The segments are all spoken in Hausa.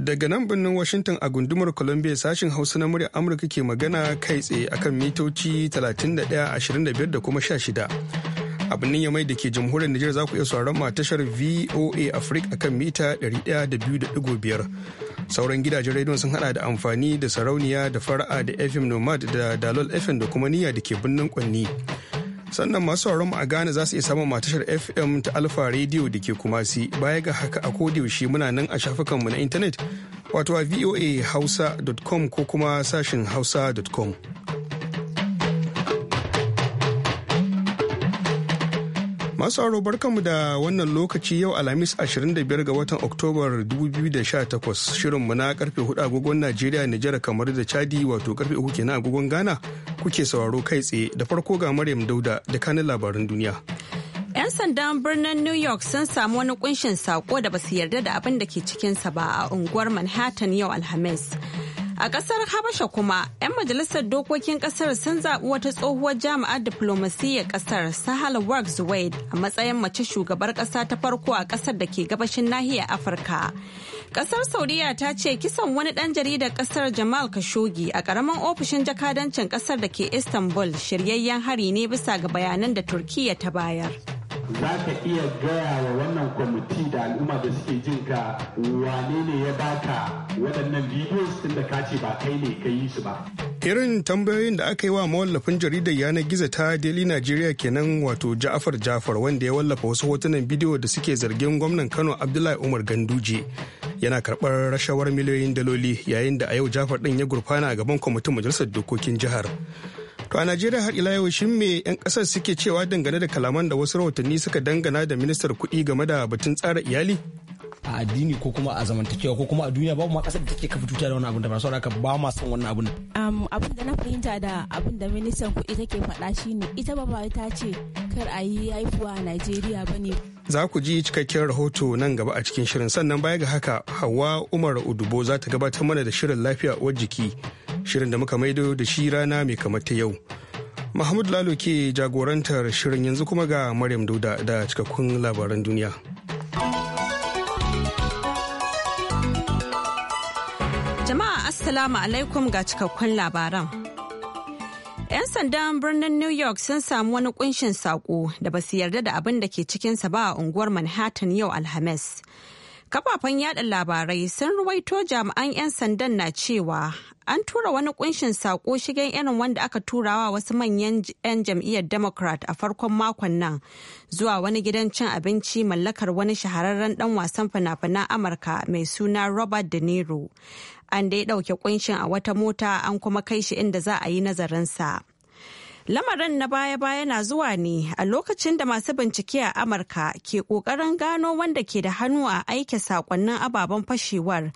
Daga nan birnin Washington a gundumar Columbia sashen Hausa na murya Amurka ke magana kai tsaye akan mitoci 31, 25 da kuma 16. a birnin yamai da ke jamhuriyar Nijar za ku iya sauran ma tashar VOA Africa akan mita 102.5. Sauran gidajen rediyon sun hada da amfani da sarauniya da fara'a da FM Nomad da Dalol FM da kuma niyya da ke birnin Kwanni. sannan masu sauraron mu a Ghana za su iya samun matashar FM ta alfa Radio da ke Kumasi baya ga haka a yaushe muna nan a shafukanmu na intanet wato a voa voahausa.com ko kuma sashin hausa.com. Masu aro barkanmu da wannan lokaci yau Alhamis 25 ga watan Oktobar 2018 mu na karfe 4 agogon Najeriya, Nijar kamar da Chadi wato karfe 3 kenan agogon Ghana kuke sauraro kai tsaye da farko ga Maryam Dauda da kanin labaran duniya. 'Yan sandan birnin New York sun samu wani kunshin sako da basu yarda da abin da ke cikinsa ba a unguwar Manhattan yau Alhamis. A kasar Habasha kuma, 'yan majalisar dokokin kasar sun zaɓi wata tsohuwar jami'ar diplomasiyyar kasar Sahal Works Wade a matsayin mace shugabar ƙasa ta farko a ƙasar da ke gabashin nahiyar Afirka. Kasar Saudiya ta ce kisan wani ɗan jaridar kasar Jamal Khashoggi a ƙaramin ofishin jakadancin ƙasar da ke Istanbul shiryayyen hari ne bisa ga bayanan da Turkiyya ta bayar. za ka iya gaya wa wannan kwamiti da al'umma da suke jin ka wane ne ya baka waɗannan videos tun da kace ba kai ne ka yi su ba. irin tambayoyin da aka yi wa mawallafin jaridar yanar gizo ta daily nigeria kenan wato ja'afar ja'afar wanda ya wallafa wasu hotunan bidiyo da suke zargin gwamnan kano abdullahi umar ganduje yana karɓar rashawar miliyoyin daloli yayin da a yau ja'afar ɗin ya gurfana a gaban kwamitin majalisar dokokin jihar To a Najeriya har ila yau shin me 'yan kasar suke cewa dangane da kalaman da wasu rahotanni suka dangana da ministar kuɗi game da batun tsara iyali? a addini ko kuma a zamantakewa ko kuma a duniya babu ma kasar da take kafa tuta da wani abin da ba haka ba ma son wannan abin. abin da na fahimta da abin da ministan kuɗi take faɗa shine ita ba ta ce kar a yi haihuwa a Najeriya ba ne. Za ku ji cikakken rahoto nan gaba a cikin shirin sannan baya ga haka Hauwa Umar Udubo za ta gabatar mana da shirin lafiya uwar jiki. shirin da muka maido da shi rana mai kamar ta yau mahmud lalo ke jagorantar shirin yanzu kuma ga maryam dauda da cikakkun labaran duniya jama'a assalamu alaikum ga cikakkun labaran 'Yan sandan birnin New York sun samu wani kunshin saƙo da ba su yarda da abin da ke cikinsa ba a unguwar Manhattan yau Alhamis. Kafafen yada labarai sun ruwaito jami'an 'yan sandan na cewa an tura wani kunshin sako shigen irin wanda aka turawa wasu manyan 'yan jam'iyyar Democrat a farkon makon nan zuwa wani gidan cin abinci mallakar wani shahararren dan wasan fina-finan Amurka mai suna Robert De Niro. An dai ɗauke kunshin a wata mota an kuma kai shi inda za a yi nazarinsa. Lamarin na baya-baya na zuwa ne a lokacin da masu bincike a Amurka ke ƙoƙarin gano wanda ke da hannu a aike sakonnin ababen fashewar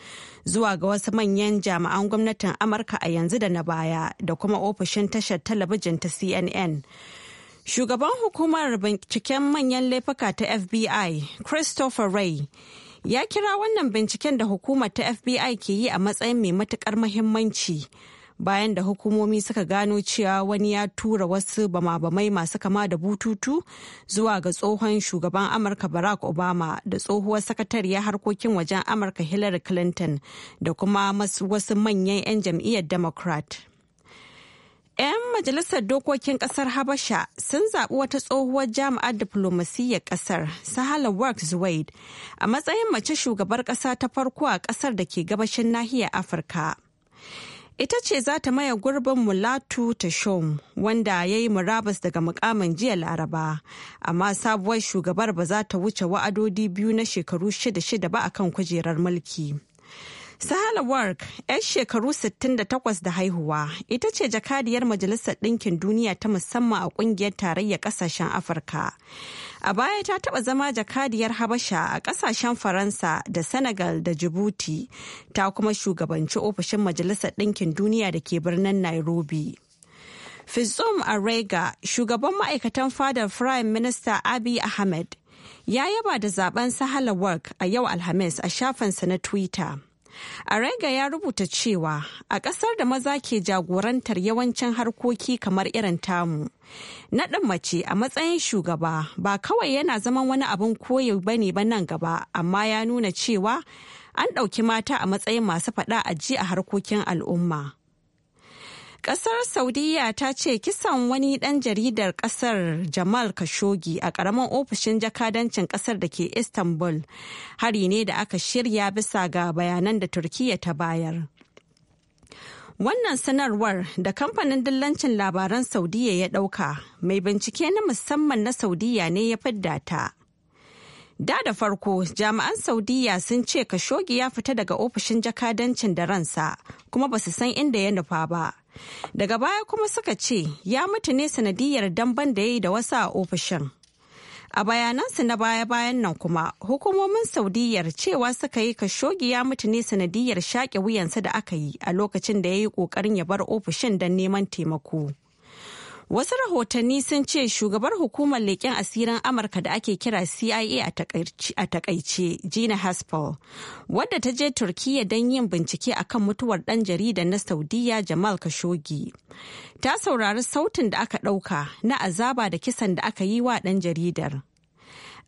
zuwa ga wasu manyan jami'an gwamnatin Amurka a yanzu da na baya da kuma ofishin tashar talabijin ta CNN. Shugaban hukumar binciken manyan laifuka ta FBI, Christopher Ray, ya kira wannan binciken da hukumar ta FBI ke yi a matsayin mai matukar muhimmanci. bayan da hukumomi suka gano cewa wani ya tura wasu bama-bamai masu kama da bututu zuwa ga tsohon shugaban amurka barack obama da tsohuwar sakatariyar harkokin wajen amurka hillary clinton da kuma wasu manyan 'yan jam'iyyar democrat 'Yan majalisar dokokin kasar Habasha sun zaɓi wata tsohuwar jami'ar diplomasiyyar kasar Sahala Work Zuwaid a matsayin mace shugabar ƙasa ta farko a ƙasar da ke gabashin nahiyar Afirka. ita ce za ta maye gurbin mulatu Shom wanda ya yi murabas daga mukamin jiya laraba amma sabuwar shugabar ba za ta wuce wa'adodi biyu na shekaru shida-shida ba akan kujerar mulki sahala work 'yar shekaru 68 da haihuwa ita ce jakadiyar majalisar ɗinkin duniya ta musamman a ƙungiyar tarayyar ƙasashen afirka A baya ta taɓa zama jakadiyar Habasha a ƙasashen Faransa da Senegal da Djibouti ta kuma shugabanci ofishin Majalisar Ɗinkin Duniya da ke birnin Nairobi. a Arega, shugaban ma'aikatan fadar Prime Minister abi Ahmed, ya yaba da zaben Sahala Work a yau Alhamis a shafinsa na Twitter. Arega ya rubuta cewa a ƙasar da maza ke jagorantar yawancin harkoki kamar irin tamu. Naɗin mace a matsayin shugaba ba kawai yana zaman wani abin koyo ne ba nan gaba amma ya nuna cewa an ɗauki mata a matsayin masu faɗa a ji a harkokin al'umma. Kasar Saudiya ta ce kisan wani ɗan jaridar kasar Jamal Khashoggi a ƙaramin ofishin jakadancin kasar da ke Istanbul hari ne da aka shirya bisa ga bayanan da Turkiyya ta bayar. Wannan sanarwar da kamfanin dillancin labaran Saudiya ya ɗauka mai bincike na musamman na Saudiya ne ya fidda ta. Da da farko jami'an Saudiya sun ce Khashoggi ya fita daga ofishin jakadancin da ransa kuma ba su san inda ya nufa ba. Daga baya kuma suka ce ya mutu ne sanadiyar damban da ya yi da wasu a ofishin. A bayanansu na baya-bayan nan kuma, hukumomin Saudiyar cewa suka yi kashogi ya mutu ne sanadiyar shaƙe wuyansa da aka yi a lokacin da ya yi ƙoƙarin ya bar ofishin don neman taimako. Wasu rahotanni sun ce shugabar hukumar leƙen asirin Amurka da ake kira CIA a takaice Gina Haspel, wadda ta je Turkiyya don yin bincike akan mutuwar ɗan jarida na Saudiya Jamal Khashoggi. Ta saurari sautin da aka ɗauka na azaba da kisan da aka yi wa ɗan jaridar.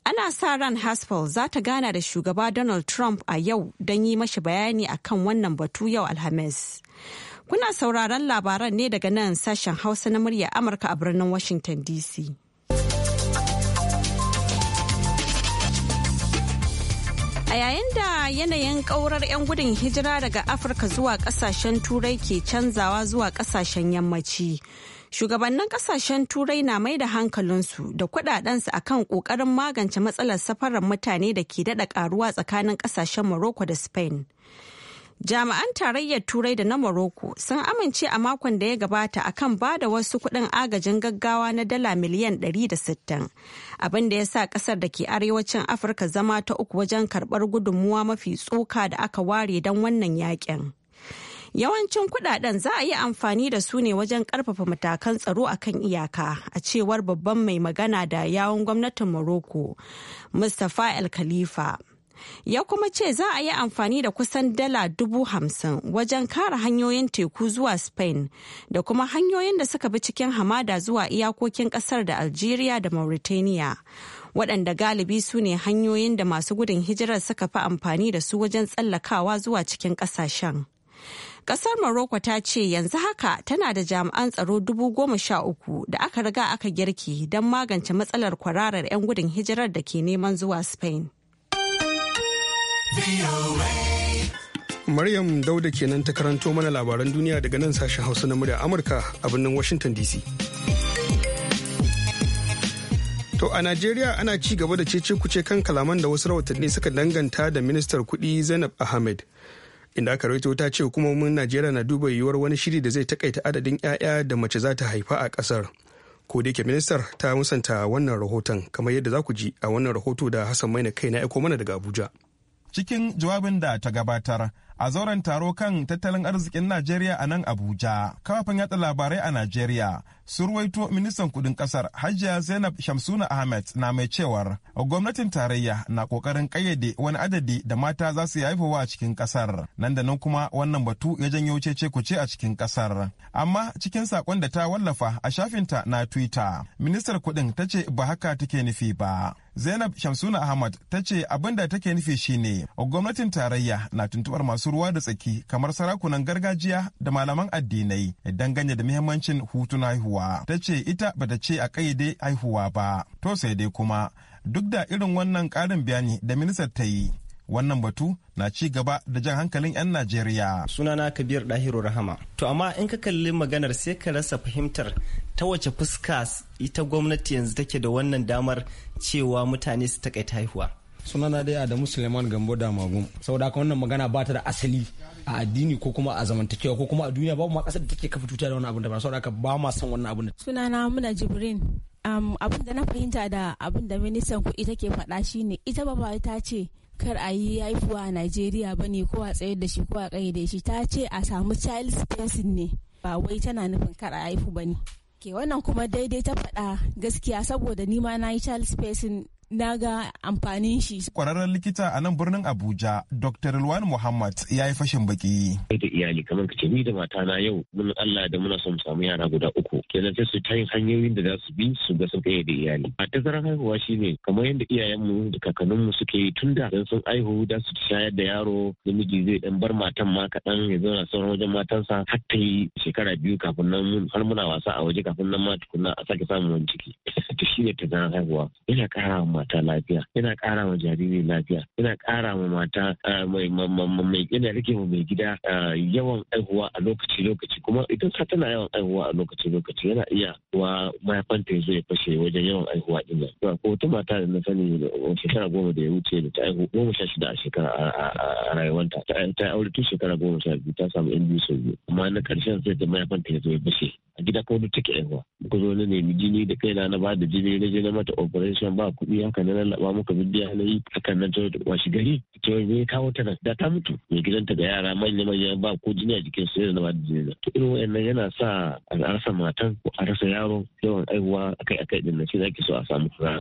Ana sa ran Haspel za ta gana da shugaba Donald Trump a yau don yi mashi bayani akan wannan batu yau Alhamis. Kuna sauraron labaran ne daga nan sashen Hausa na murya Amurka a birnin Washington DC. A yayin da yanayin ƙaurar 'yan gudun hijira daga Afirka zuwa ƙasashen Turai ke canzawa zuwa ƙasashen yammaci. Shugabannin kasashen Turai na mai da hankalinsu da kudadensu akan kokarin magance matsalar safarar mutane da ke daɗa ƙaruwa tsakanin kasashen Morocco da Spain. Jami'an tarayyar Turai da na Morocco sun amince a makon da ya gabata akan ba da wasu kuɗin agajin gaggawa na dala miliyan 160, abin da ya sa ƙasar da ke arewacin Afirka zama ta uku wajen karɓar gudunmuwa mafi tsoka da aka ware don wannan yakin. Yawancin kuɗaɗen za a yi amfani da su ne wajen ƙarfafa matakan tsaro a kan iyaka, a cewar babban mai magana da yawon gwamnatin Morocco, Mustapha El Khalifa. ya kuma ce za a yi amfani da kusan dala dubu hamsin wajen kare hanyoyin teku zuwa spain da kuma hanyoyin da suka bi cikin hamada zuwa iyakokin kasar da algeria da mauritania waɗanda galibi su ne hanyoyin da masu gudun hijirar suka fi amfani da su wajen tsallakawa zuwa cikin ƙasashen. Ƙasar Morocco ta ce yanzu haka tana da jami'an tsaro dubu goma sha uku da aka riga aka girki don magance matsalar kwararar 'yan gudun hijirar da ke neman zuwa Spain. Maryam Dauda kenan ta karanto mana labaran duniya daga nan sashen Hausa na murya Amurka a birnin Washington DC. To a Najeriya ana ci gaba da cece kuce kan kalaman da wasu rawatanni suka danganta da ministar kuɗi Zainab Ahmed. Inda aka rawaito ta ce hukumomin Najeriya na duba yiwuwar wani shiri da zai takaita adadin 'ya'ya da mace za ta haifa a ƙasar. Ko da yake ministar ta musanta wannan rahoton kamar yadda za ku ji a wannan rahoto da Hassan Maina kai na aiko mana daga Abuja. cikin jawabin da ta gabatar a zauren taro kan tattalin arzikin Najeriya a nan Abuja. Kafafen yatsa labarai a Najeriya surwaito ministan kudin kasar hajiya zainab shamsuna ahmed na mai cewar gwamnatin tarayya na kokarin kayyade wani adadi da mata za su haifawa a cikin kasar nan da nan kuma wannan batu ya janyo cece kuce a cikin kasar amma cikin sakon da ta wallafa a shafinta na twitter ministar kudin ta ce ba haka take nufi ba Zainab Shamsuna Ahmad ta ce abin da take nufi shine gwamnatin tarayya na tuntubar masu ruwa da tsaki kamar sarakunan gargajiya da malaman addinai dangane da muhimmancin hutun haihuwa. haihuwa ta ce ita ba ta ce a kaide haihuwa ba to sai dai kuma duk da irin wannan karin bayani da ministar ta yi wannan batu na ci gaba da jan hankalin 'yan najeriya sunana kabir dahiru rahama to amma in ka kalli maganar sai ka rasa fahimtar ta wace fuska ita gwamnati yanzu take da wannan damar cewa mutane su takaita haihuwa sunana dai adamu suleiman gambo da magum saboda haka wannan magana ba ta da asali a addini ko kuma a zamantakewa ko kuma a duniya babu ma kasar da take kafa tuta da wani abin da ba saboda ba ma san wannan abin sunana muna jibrin um, da na fahimta da abin da ministan kuɗi take faɗa shine ita ba ba ta ce kar a yi haifuwa a Najeriya ba ne ko a tsayar da shi ko a da shi ta ce a samu child spacing ne ba wai tana nufin kar a haifu ba ne. Ke wannan kuma daidai ta faɗa gaskiya saboda ni ma na yi child spacing na ga amfanin shi. Kwararren likita a nan birnin Abuja, Dr. Ilwan Muhammad ya yi fashin baki. Kai da iyali kamar kace ni da matana yau mun Allah da muna son samu yara guda uku. Kenan sai su tayin hanyoyin da za su bi su ga sun kai da iyali. A tazarar haihuwa shine kamar yadda iyayenmu da kakanninmu suke yi tun da sun aihu da su shayar da yaro miji zai dan bar matan ma kaɗan ya zauna sauran wajen matansa har ta yi shekara biyu kafin nan har muna wasa a waje kafin nan ma tukunna a sake samun wani ciki. Ta shine tazarar haihuwa. Ina ƙara mata lafiya yana ƙara ma jariri lafiya yana ƙara ma mata mai mai yana rike ma mai gida yawan aihuwa a lokaci lokaci kuma idan ka tana yawan aihuwa a lokaci lokaci yana iya wa mahaifanta ya zo ya fashe wajen yawan aihuwa din nan to ko wata mata da na sani shekara goma da ya wuce da ta aihu goma sha shida a shekara a rayuwanta ta aure tun shekara goma sha biyu ta samu yan biyu sau biyu amma na ƙarshen sai da mahaifanta ya zo ya fashe a gida ko duk take aihuwa ko zo na nemi jini da kaina na ba da jini na je na mata operation ba kuɗi wanka na lallaba muka bidiya na yi akan nan ta washi gari ta yi kawo ta da ta mutu mai gidanta da yara manya manya ba ko jini a jikin su yana ba da jini to irin wannan yana sa a rasa matan ko a rasa yaron yawan aihuwa akai akai din nan shi zaki so a samu kura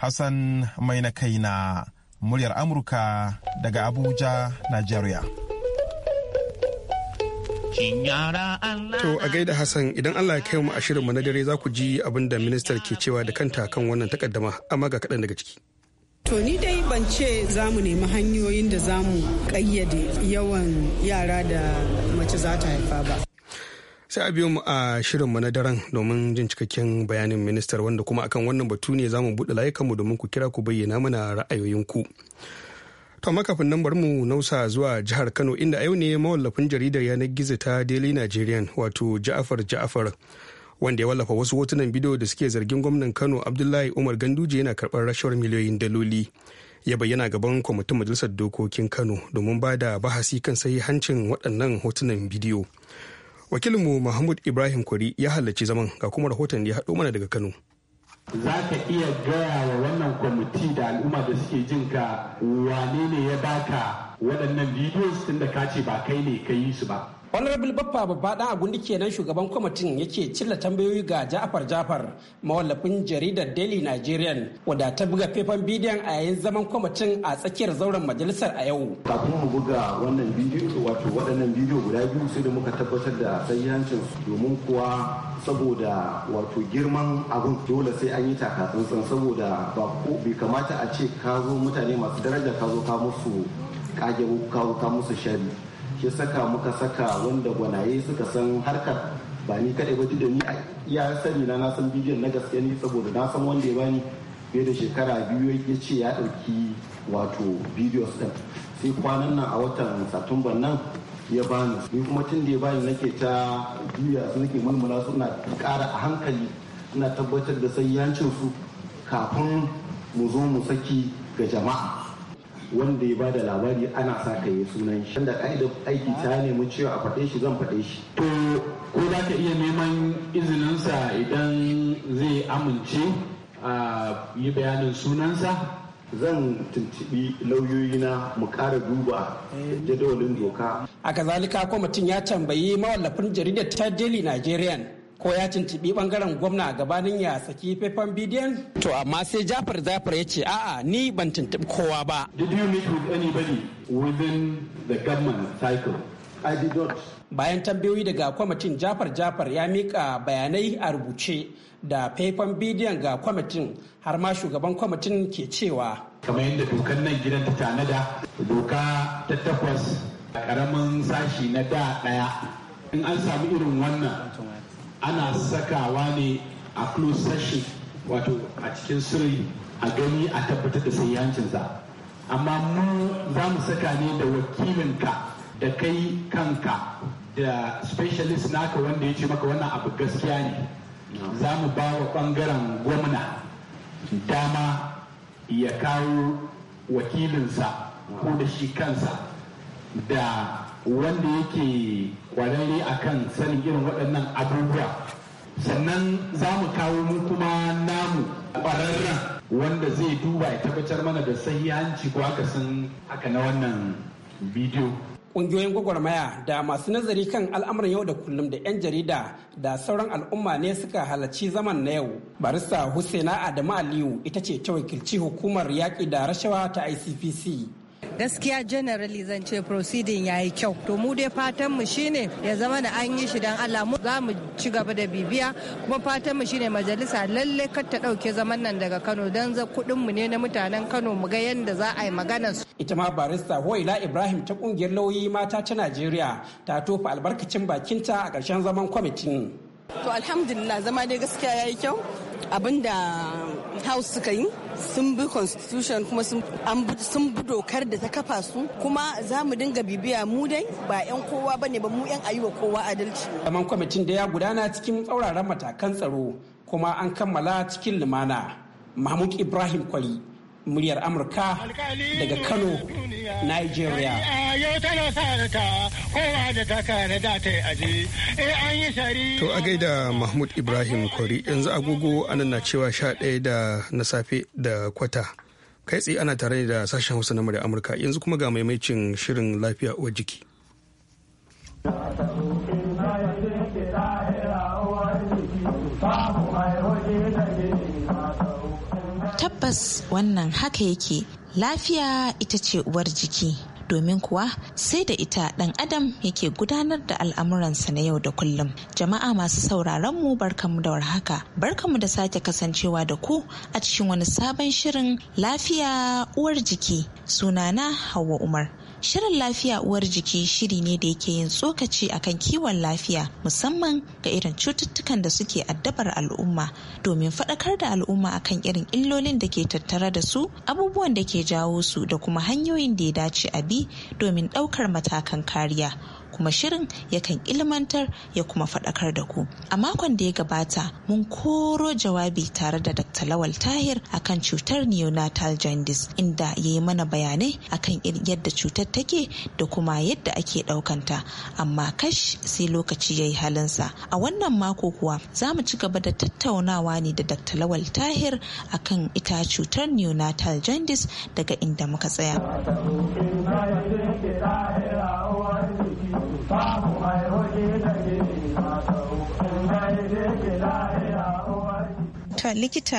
Hassan mai na kaina muryar Amurka daga Abuja Najeriya To a gaida Hassan idan Allah ya kai mu a shirin na dare za ku ji abin da ministar ke cewa da kanta kan wannan takaddama amma ga kaɗan daga ciki. To ni dai ban ce za mu nemi hanyoyin da za mu ƙayyade yawan yara da mace za ta haifa ba. sai a biyo mu a shirin na daren domin jin cikakken bayanin ministar wanda kuma akan wannan batu ne za mu buɗe layukanmu domin ku kira ku bayyana mana ra'ayoyinku. ku. To makafin nan bari mu nausa zuwa jihar Kano inda a yau ne mawallafin jaridar yanar gizo ta Daily Nigerian wato Ja'afar Ja'afar wanda ya wallafa wasu hotunan bidiyo da suke zargin gwamnan Kano Abdullahi Umar Ganduje yana karɓar rashawar miliyoyin daloli. Ya bayyana gaban kwamitin majalisar dokokin Kano domin ba da bahasi kan hancin waɗannan hotunan bidiyo. Wakilinmu Mahmud Ibrahim Kwari ya halarci zaman ga kuma rahoton da ya haɗo mana daga Kano. za ka iya gaya wa wannan kwamiti da al'umma da suke jin ka wane ne ya baka waɗannan bidiyo tun da ka ce ba kai ne ka yi su ba honorable baffa babba dan agundi kenan shugaban kwamitin yake cilla tambayoyi ga jafar jafar mawallafin jaridar daily nigerian wadda ta buga faifan bidiyon a yayin zaman kwamitin a tsakiyar zauren majalisar a yau kafin mu buga wannan bidiyo wato waɗannan bidiyo guda biyu sai da muka tabbatar da sahihancin domin kuwa saboda wato girman abun dole sai an yi taka tsantsan saboda ba bai kamata a ce ka zo mutane masu daraja ka zo ka musu kage ka musu shari ya saka muka saka wanda gwanaye suka san harkar ba ni kaɗai ba da ni ya sani na na san bidiyon na gaske ni saboda na san wanda ya bani fiye da shekara biyu ya ce ya ɗauki wato bidiyo ɗin sai kwanan nan a watan satumban nan ya bani ni kuma tun da ya bani nake ta juya su nake mulmula su na ƙara a hankali ina tabbatar da yancin su kafin mu zo mu saki ga jama'a wanda ya bada labari ana sa ka yi sunan shi wanda ka'idar aiki ta nemi cewa a faɗe shi zan faɗe shi to ko za ka iya neman izininsa idan zai amince a yi bayanin sunansa zan tuntubi lauyoyi na mu ƙara duba jadawalin doka. A kazalika mutum ya tambayi mawallafin jaridar ta Daily Nigerian ko ya tuntubi bangaren gwamna gabanin ya saki faifan bidiyon? To amma sai Jafar Zafar ya ce a'a ni ban tuntuɓi kowa ba. Did you meet with anybody within the government cycle? I did not. Bayan tambayoyi daga kwamitin Jafar Jafar ya mika bayanai a rubuce da faifan bidiyon ga kwamitin har ma shugaban kwamitin ke cewa. Kamar yadda dokan nan gidan ta tanada doka ta takwas karamin sashi na da daya in an samu irin wannan ana sakawa ne a close session wato a cikin sirri a gani a tabbatar da sayyancinsa amma mu za mu saka ne da wakilinka da kai kanka da specialist naka wanda ya ce maka wannan abu gaskiya ne za mu ba wa ɓangaren gwamna dama ya kawo wakilinsa ko da shi kansa da wanda yake kwararre akan sanin irin waɗannan abubuwa sannan za mu kawo mu kuma namu ƙwararren wanda zai duba ya tabbatar mana da sahihanci ko akasin haka na wannan bidiyo Ƙungiyoyin gwagwarmaya da masu nazari kan al'amuran yau da kullum da 'yan jarida da sauran al'umma ne suka halarci zaman na yau. Barista Husaina Adamu Aliyu ita ce ta wakilci hukumar yaƙi da rashawa ta ICPC. gaskiya generally zan ce proceeding ya yi kyau to mu dai fatan mu shine ya zama da an yi shi dan Allah mu za mu ci gaba da bibiya kuma fatan mu shine majalisa lalle kar ta dauke zaman nan daga Kano dan za kudin mu ne na mutanen Kano mu ga yanda za a yi magana su ita ma barista Hoyla Ibrahim ta kungiyar lauyi mata ta Najeriya ta tofa albarkacin bakinta a karshen zaman kwamitin to alhamdulillah zama dai gaskiya ya yi kyau abinda house suka yi sun bi constitution kuma sun bi dokar da ta kafa su kuma za mu dinga bibiya mu dai ba 'yan kowa ba ne ba mu 'yan ayuwa kowa adalci. Zaman kwamitin da ya gudana cikin tsauraran matakan tsaro kuma an kammala cikin lumana. Mahmud Ibrahim Kwari, muryar amurka daga kano nigeria to a gaida mahmud ibrahim kwari yanzu agogo ana na cewa sha ɗaya da na safe da kwata kai tsaye ana tare da sashen hausa na muryar amurka yanzu kuma ga maimacin shirin lafiya uwar jiki Ah! tabbas wannan haka yake lafiya ita ce uwar jiki domin kuwa sai da ita ɗan adam yake gudanar da al'amuransa na yau da kullum jama'a masu sauraron mu barkamu da warhaka barkamu da sake kasancewa da ku a cikin wani sabon shirin lafiya uwar jiki sunana hawa umar Shirin lafiya uwar jiki shiri ne da yake yin tsokaci akan kiwon lafiya musamman ga irin cututtukan da suke addabar al'umma domin faɗakar da al'umma akan irin illolin da ke tattare da su abubuwan da ke jawo su da kuma hanyoyin da ya dace a bi domin ɗaukar matakan kariya. kuma shirin yakan ilmantar ya kuma faɗakar da ku. A makon da ya gabata mun koro jawabi tare da Dr. Lawal Tahir akan cutar neonatal jaundice inda ya yi mana bayanai akan yadda cutar take da kuma yadda ake ɗaukanta amma kash sai lokaci ya yi halinsa. A wannan mako kuwa za mu ci gaba da tattaunawa ne da Dr. Lawal Tahir akan ita cutar neonatal jaundice daga inda muka tsaya. haka likita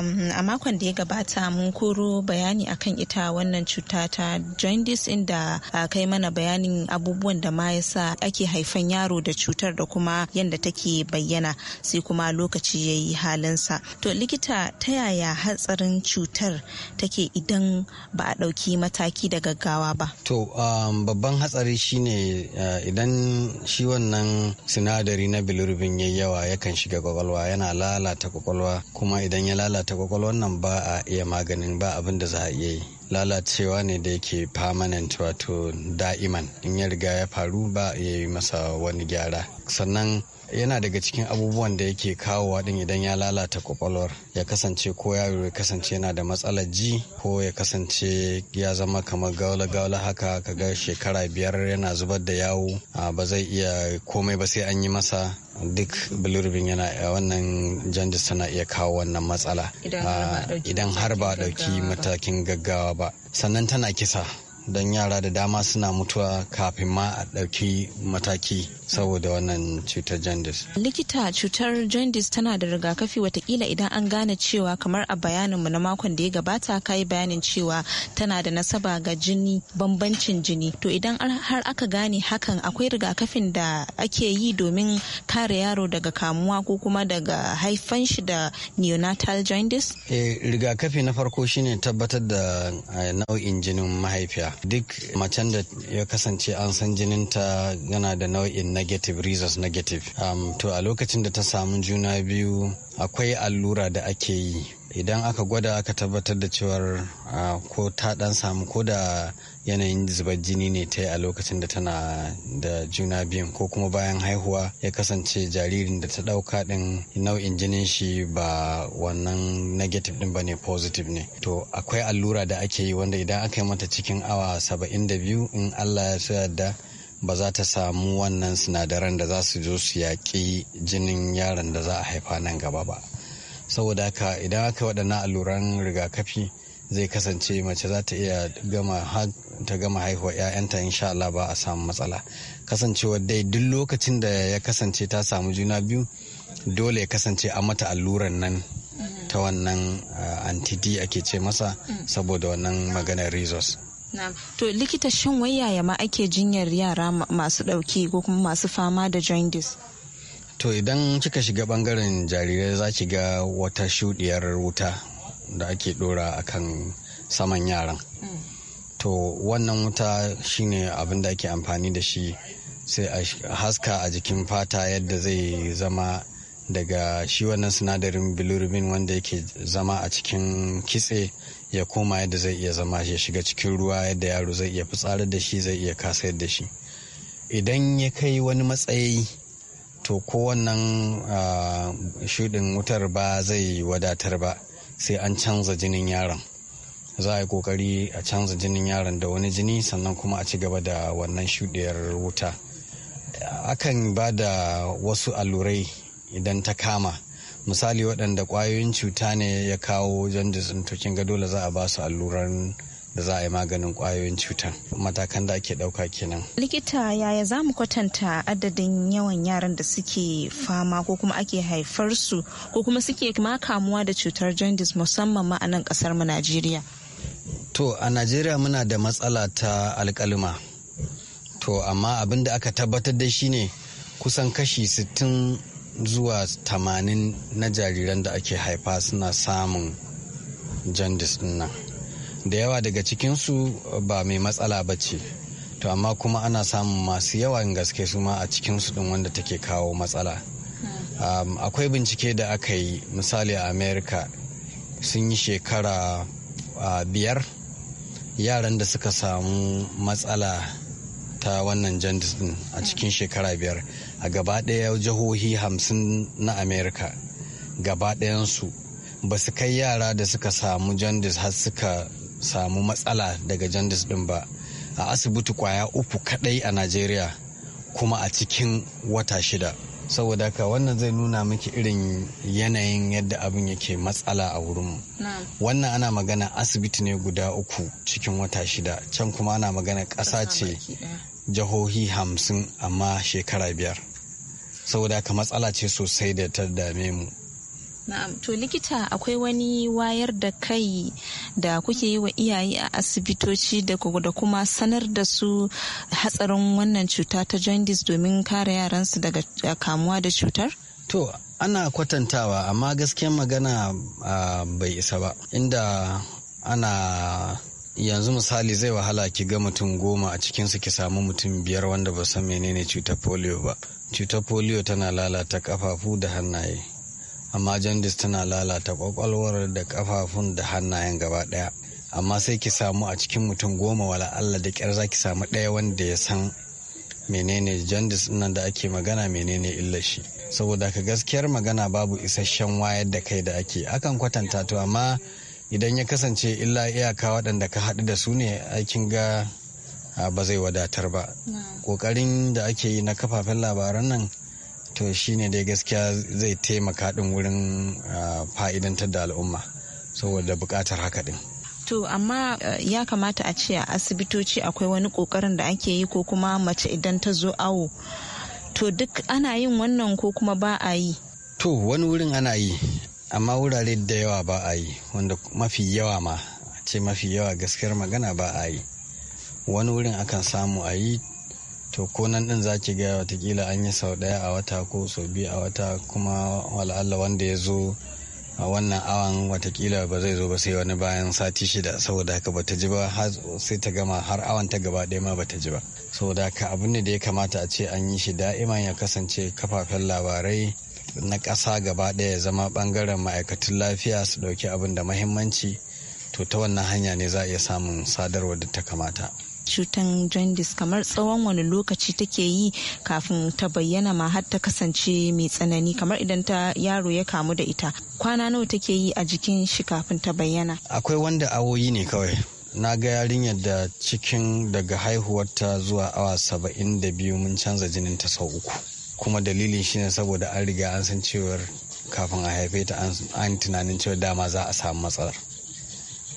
um, a makon da ya gabata mun koro bayani akan ita wannan cuta ta jaundice inda uh, kai mana bayanin abubuwan da ma ya yasa ake haifan yaro da cutar da kuma yadda take bayyana sai kuma lokaci ya yi halinsa to likita ta yaya hatsarin cutar take idan ba a ɗauki mataki da gaggawa ba to um, babban hatsari shine uh, idan shi wannan sinadari na bilirubin yayi yawa yakan shiga kwakwalwa yana lalata kwakwalwa kuma idan ya lalata kwakwalwar nan ba a iya maganin ba abin da za a iya yi lalacewa ne da yake permanent wato da'iman in ya riga ya faru ba ya yi masa wani gyara sannan yana daga cikin abubuwan da yake kawo din idan ya lalata kwakwalwar ya kasance ko ya kasance yana da matsalar ji ko ya kasance ya zama kamar gaula gaula haka kaga shekara biyar yana zubar da yawo ba zai iya komai ba sai an yi masa duk bilirubin yana wannan jandis tana iya kawo wannan matsala idan har ba dauki ah, matakin gaggawa ba sannan tana kisa don yara da dama suna mutuwa kafin ma a ɗauki mataki saboda wannan cutar jandis. Likita cutar jandis tana da rigakafi watakila idan an gane cewa kamar a bayaninmu na makon da ya gabata ka yi bayanin cewa tana da nasaba ga jini bambancin jini. To idan har aka gane hakan akwai rigakafin da ake yi domin kare yaro daga kamuwa ko kuma daga haifan shi da neonatal jandis? e eh, rigakafi na farko shine tabbatar da eh, nau'in jinin mahaifiya. Duk macen da ya kasance an san jininta yana da nau'in negative results negative um, to a lokacin da ta samu juna biyu akwai allura da ake yi idan aka gwada aka tabbatar da cewar ko ta dan samu ko da yanayin zubar jini ne ta yi a lokacin da tana da juna biyun ko kuma bayan haihuwa ya kasance jaririn da ta ɗauka din nau'in jinin shi ba wannan negative din ba ne positive ne to akwai allura da ake yi wanda idan aka yi mata cikin awa 72 in allah ya so yadda ba za ta samu wannan sinadaran da za su zo su yaƙi jinin yaron da za a haifa nan gaba ba saboda haka idan aka waɗannan alluran rigakafi zai kasance mace za ta iya gama ta gama haihuwa 'ya'yanta insha Allah ba a samu matsala kasancewa dai duk lokacin da ya kasance ta samu juna biyu dole ya kasance a mata alluran nan ta wannan eh, antidi ake ce masa saboda wannan maganar resource to likita shin wai yaya ma ake jinyar yara masu ɗauki ko kuma masu fama da jaundice to idan kika shiga bangaren jarirai za ki ga wata shuɗiyar wuta da ake ɗora akan saman yaran mm. to wannan wuta shine abin da ake amfani da shi sai a haska a jikin fata yadda zai zama daga shi wannan sinadarin bilirubin wanda yake zama a cikin kitse ya koma yadda zai iya zama ya shiga cikin ruwa yadda yaro zai iya fitsarar da shi zai iya kasa da shi idan ya kai wani matsayi to kowannan shuɗin wutar ba zai wadatar ba sai an canza jinin yaron za a yi kokari a canza jinin yaron da wani jini sannan kuma a ci gaba da wannan shuɗiyar wuta akan ba da wasu allurai idan ta kama misali waɗanda ƙwayoyin cuta ne ya kawo jaundice to kin ga dole za a ba su alluran da za a yi maganin ƙwayoyin cutar matakan da ake ɗauka kenan likita yaya za mu kwatanta adadin yawan yaran da suke fama ko kuma ake haifar su ko kuma suke ma kamuwa da cutar jandis musamman ma a nan kasar mu najeriya to a najeriya muna da matsala ta alƙaluma to amma abin da aka tabbatar da shi ne kusan kashi sittin zuwa tamanin na jariran da ake haifa suna samun jandis nan da yawa daga cikinsu ba mai matsala ba ce to amma kuma ana samun masu yawan gaske su ma a cikinsu din wanda take kawo matsala um, akwai bincike da aka yi misali a Amerika sun yi shekara uh, biyar yaran da suka samu matsala ta wannan jandis din a cikin shekara biyar a gaba ɗaya jihohi hamsin na america gaba ɗayansu ba su kai yara da suka samu jandis har suka samu matsala daga jandis din ba a asibiti kwaya uku kaɗai a najeriya kuma a cikin wata shida saboda haka wannan zai nuna miki irin yanayin yadda abin yake matsala a wurinmu wannan ana magana asibiti ne guda uku cikin wata shida can kuma ana magana ƙasa ce jihohi hamsin amma shekara biyar saboda ka matsala ce sosai da ta dame mu Na'am, to likita akwai wani wayar da kai da kuke yi wa iyaye a asibitoci da kuma sanar da su hatsarin wannan cuta ta jaundice domin kare yaransu daga kamuwa da cutar? To, ana kwatantawa amma gaskiyar magana ah, bai isa ba, inda ana yanzu misali zai wahala ki ga mutum goma a cikinsu ki samu mutum biyar wanda ba san menene cutar polio ba cutar polio tana lalata kafafu da hannaye amma jandis tana lalata kwakwalwar da kafafun da hannayen gaba daya amma sai ki samu a cikin mutum goma wala Allah da kyar za ki samu ɗaya wanda ya san menene jandis nan da ake magana menene illar shi saboda ka gaskiyar magana babu isasshen wayar da kai da ake akan kwatanta to amma idan ya kasance illa iyaka waɗanda ka haɗu da su ne aikin ga ba zai wadatar ba ƙoƙarin da ake yi na kafafen labaran nan to shi ne dai gaskiya zai taimaka ɗin wurin fa'idantar da al'umma saboda buƙatar haka ɗin. To amma ya kamata a ce a asibitoci akwai wani ƙoƙarin da ake yi ko kuma mace idan ta zo awo. To duk ana yin wannan ko kuma ba a yi? To wani wurin ana yi amma wurare da yawa ba a yi wanda mafi yawa ma ce mafi yawa gaskiyar magana ba a yi wani wurin akan samu a yi to ko nan din za ki gaya watakila an yi sau daya a wata ko sau biyu a wata kuma wala'alla wanda ya zo a wannan awan watakila ba zai zo ba sai wani bayan sati shida saboda haka bata ji ba sai ta gama har awan ta gaba ɗaya ma bata ji ba saboda haka abin da ya kamata a ce an yi shi da'iman ya kasance kafafen labarai na ƙasa gaba ɗaya zama ɓangaren ma'aikatan lafiya su ɗauki abin da mahimmanci to ta wannan hanya ne za a iya samun sadarwar da ta kamata. cutan jaundice kamar tsawon wani lokaci take yi kafin ta bayyana ma har ta kasance mai tsanani kamar idan ta yaro ya kamu da ita kwana nawa take yi a jikin shi kafin ta bayyana akwai wanda awoyi ne kawai na ga yarinyar da cikin daga haihuwarta zuwa awa saba'in da biyu mun canza jinin ta sau uku kuma dalilin shine saboda an riga an san cewar kafin a haife ta an tunanin cewa dama za a samu matsalar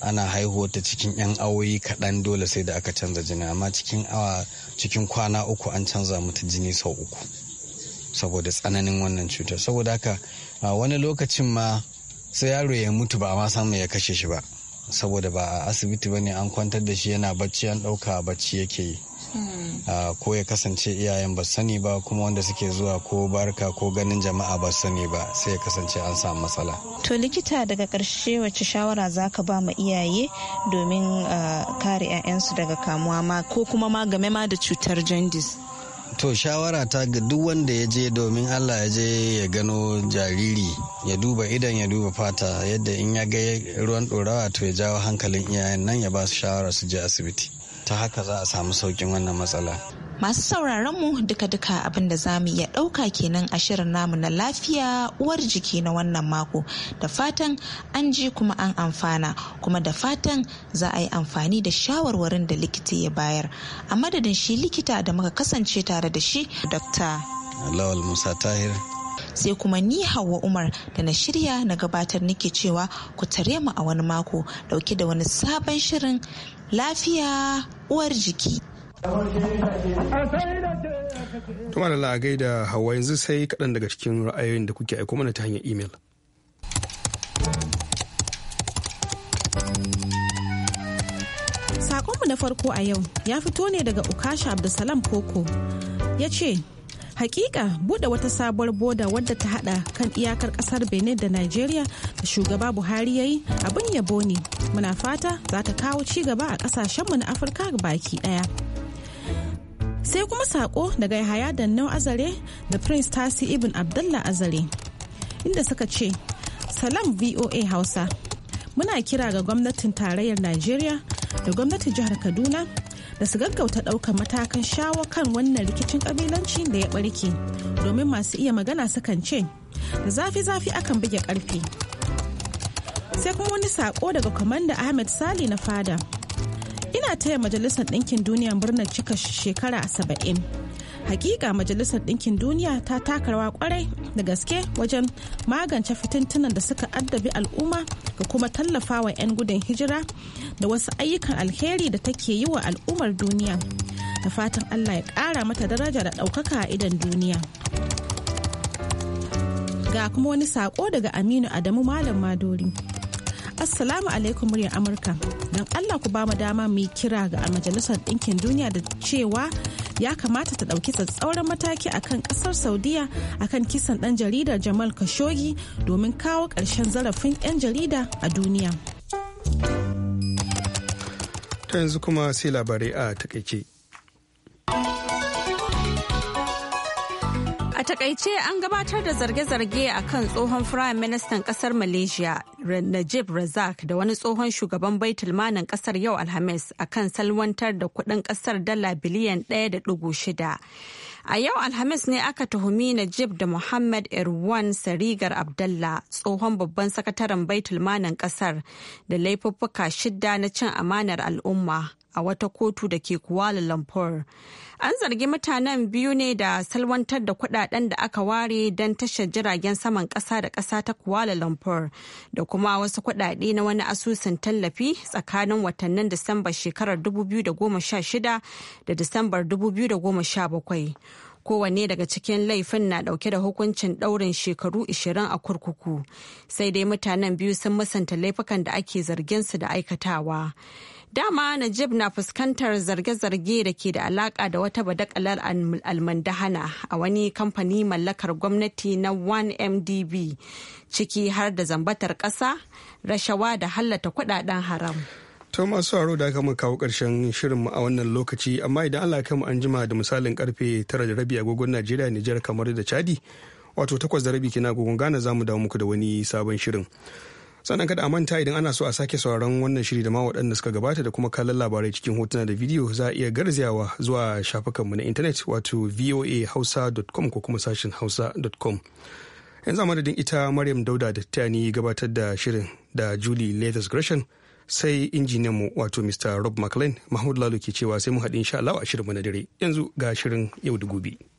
ana haihuwa ta cikin 'yan awoyi kaɗan dole sai da aka canza jini amma cikin awa cikin kwana uku an canza mata jini sau uku saboda tsananin wannan cutar saboda haka a wani lokacin ma sai yaro ya mutu ba ma samu ya kashe shi ba saboda ba a asibiti ba ne an kwantar da shi yana bacci an ɗauka bacci yake yi Hmm. Ah, ko ya kasance iyayen ba sani ba kuma wanda suke zuwa ko barka ko ganin jama'a ba sani ba sai ya kasance an samu matsala to likita daga karshe wacce shawara zaka ba ma iyaye domin ah, kare 'ya'yansu daga kamuwa ma ko kuma ma game ma da cutar jandis. to shawara ta ga duk wanda ya je domin allah ya je ya gano jariri ya duba idan ya duba fata yadda in ya ga ruwan ɗorawa to ya jawo hankalin iyayen nan ya ba su shawara su je asibiti ta haka za a samu saukin wannan matsala masu sauraron mu duka-duka abin da zamu iya ɗauka kenan a shirin namu na lafiya uwar jiki na wannan mako da fatan an ji kuma an amfana kuma da fatan za a yi amfani da shawarwarin da likita ya bayar a madadin shi likita da muka kasance tare da shi dr lawal musa tahir sai kuma ni hawa umar da na shirya na gabatar nake cewa ku tare mu a wani mako dauke da wani sabon shirin lafiya uwar jiki. Tuma da lagai da hawa yanzu sai kaɗan daga cikin ra'ayoyin da kuke aiko mana ta hanyar imel. Saƙonmu na farko a yau ya fito ne daga Ukasha Abdulsalam Koko ya ce, hakika bude wata sabuwar boda wadda ta hada kan iyakar kasar benin da nigeria da shugaba buhari ya yi abin yabo ne muna fata za ta kawo cigaba gaba a kasashenmu na afirka baki daya sai kuma sako daga yahaya da nau azare da prince tasi ibn abdullah azare inda suka ce salam voa hausa muna kira ga gwamnatin tarayyar nigeria da gwamnatin jihar kaduna da su gaggauta ɗaukar matakan shawo kan wannan rikicin kabilanci da ya barke domin masu iya magana sukan ce da zafi-zafi akan buge ƙarfi sai kuma wani sako daga kwamanda ahmed sali na fada ina taya majalisar ɗinkin duniya Birnin cika shekara saba'in hakika majalisar ɗinkin duniya ta taka rawa kwarai da gaske wajen magance fitintunan da suka addabi al'umma ga kuma tallafawa 'yan gudun hijira da wasu ayyukan alheri da take yi wa al'ummar duniya da fatan allah ya ƙara mata daraja da ɗaukaka a idan duniya ga kuma wani saƙo daga aminu adamu malam madori Assalamu alaikum muryar Amurka. Don Allah ku ba mu dama mu kira ga a Majalisar Ɗinkin Duniya da cewa ya kamata ta ɗauki tsatsauran mataki akan ƙasar Saudiya kan kisan ɗan jaridar Jamal Khashoggi domin kawo ƙarshen zarafin 'yan jarida a duniya. Ta yanzu kuma sai labarai a takaice. takaice an gabatar da zarge-zarge a kan tsohon firayim ministan kasar malaysia najib razak da wani tsohon shugaban baitulmanin kasar yau alhamis a kan salwantar da kudin kasar dala biliyan 1.6 a yau alhamis ne aka tuhumi najib da muhammad irwan sarigar abdallah tsohon babban sakataren baitulmanin kasar da laifuffuka shidda na cin amanar al'umma a wata kotu da ke kuala lumpur An zargi mutanen biyu ne da salwantar da kudaden da aka ware don tashar jiragen saman kasa da kasa ta Kuala Lumpur da kuma wasu kudade na wani asusun tallafi tsakanin watannin Disambar shekarar 2016 da Disambar 2017. kowanne daga cikin laifin na dauke da hukuncin daurin shekaru 20 a kurkuku sai dai mutanen biyu sun musanta laifukan da ake zargin su da aikatawa Dama Najib na fuskantar zarge-zarge da ke da alaka da wata badakalar almandahana a wani kamfani mallakar gwamnati na 1MDB ciki har da zambatar ƙasa, rashawa da hallata kudaden haram. To masu haro da aka mu kawo karshen shirinmu a wannan lokaci amma idan Allah kan mu an jima da misalin karfe tara da rabi agogon Najeriya Nijar kamar da Chadi wato takwas da rabi kina gogon gana za mu dawo muku da wani sabon shirin. sannan kada a manta idan ana so a sake sauraron wannan shiri da ma waɗanda suka gabata da kuma kallon labarai cikin hotuna da bidiyo za a iya garzayawa zuwa shafukanmu na intanet wato voahausa.com ko kuma sashin hausa.com yanzu a madadin ita maryam dauda da ta ni gabatar da shirin da julie leathers gresham sai mu wato mr rob mclean mahmud lalo ke cewa sai mu haɗin sha Allah a shirin na dare yanzu ga shirin yau da gobe.